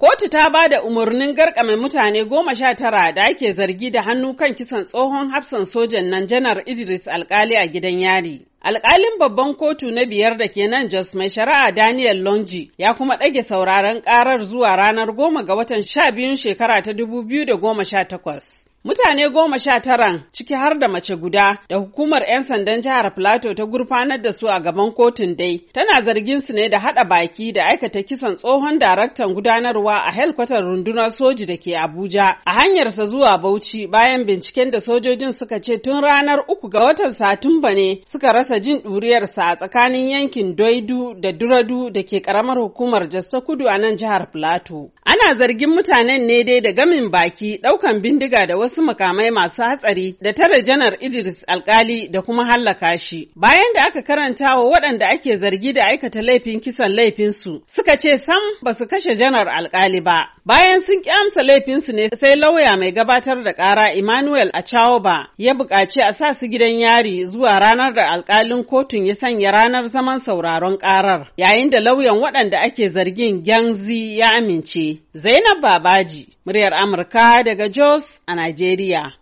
Kotu ta ba da umarnin garkame mutane goma sha tara da ake zargi da hannu kan kisan tsohon hafsan sojan nan janar Idris alkali a gidan yari. Alkalin babban kotu na biyar da ke nan Jos mai shari'a Daniel Longi ya kuma ɗage sauraron ƙarar zuwa ranar goma ga watan sha biyun shekara ta dubu biyu da goma sha takwas. Mutane goma sha taran ciki har da mace guda da hukumar 'yan sandan jihar Filato ta gurfanar da su a gaban kotun dai tana zargin su ne da hada baki da aikata kisan tsohon daraktan gudanarwa a helkwatar rundunar soji da ke Abuja a hanyarsa zuwa Bauchi bayan binciken da sojojin suka ce tun ranar uku ga watan Satumba ne suka rasa jin ɗuriyarsa a tsakanin yankin Doidu da Duradu da ke karamar hukumar Jasta Kudu a nan jihar Filato. Ana zargin mutanen ne dai da gamin baki ɗaukan bindiga da wasu wasu mukamai masu hatsari da tare janar Idris alkali da kuma hallaka shi. Bayan da aka karanta wa waɗanda ake zargi da aikata laifin kisan laifinsu suka ce sam ba su kashe janar alkali ba. Bayan sun ƙi amsa laifinsu ne sai lauya mai gabatar da ƙara Emmanuel Achaoba ya buƙaci a sa su gidan yari zuwa ranar da alkalin kotun ya sanya ranar zaman sauraron ƙarar. Yayin da lauyan waɗanda ake zargin Gyanzi ya amince. Zainab Babaji, muryar Amurka daga Jos a Najeriya. Najeriya